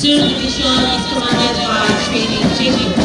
Soon we show is provided by streaming digital.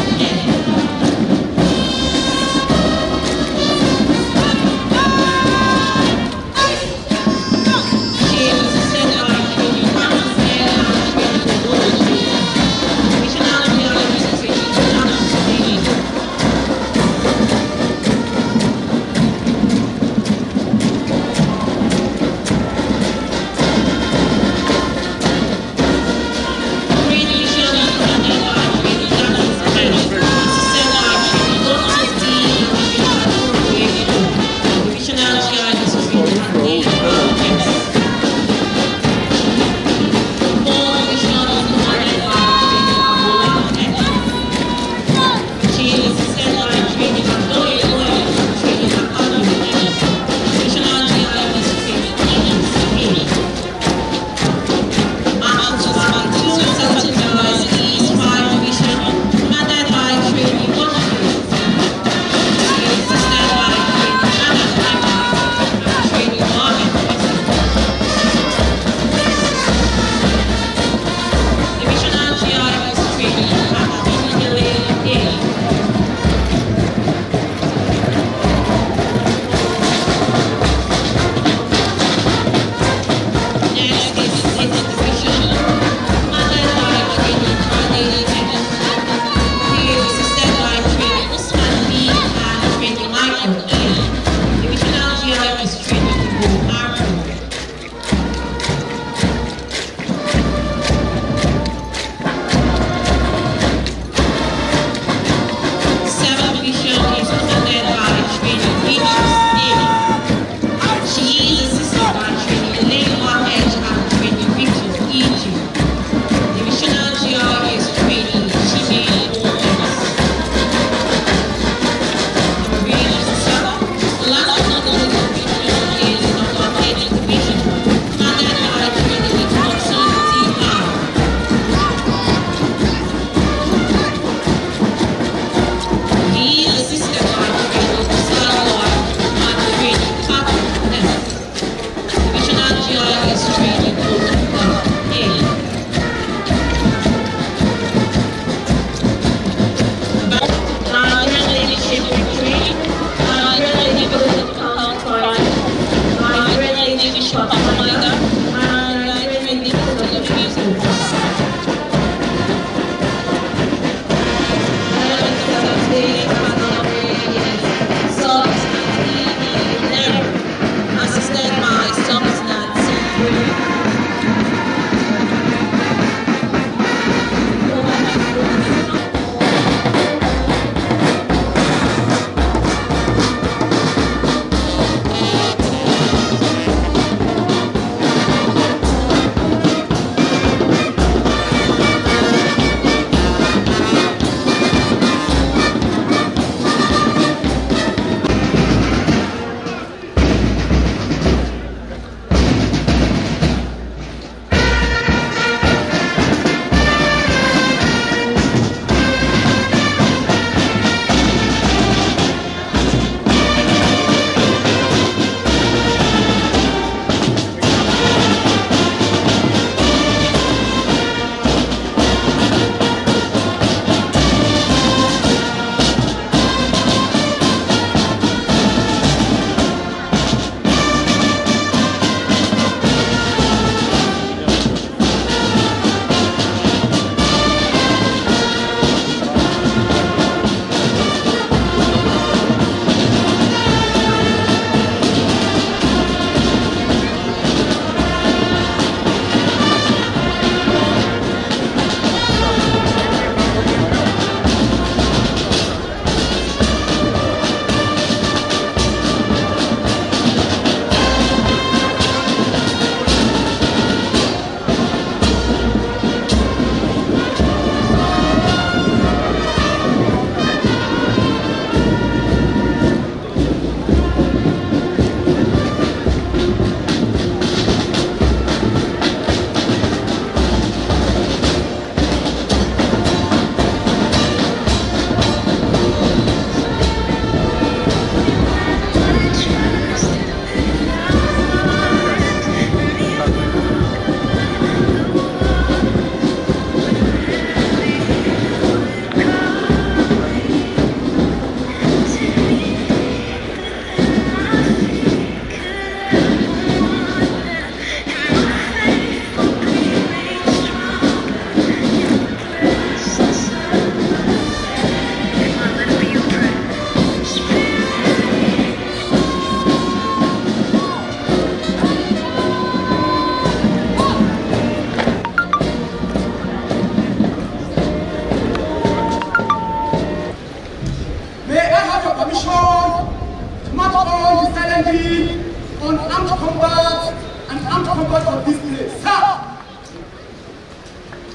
all his says, on armed combat and armed combat of this place.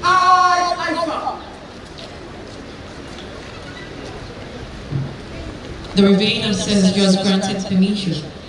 I, The ravine of granted permission.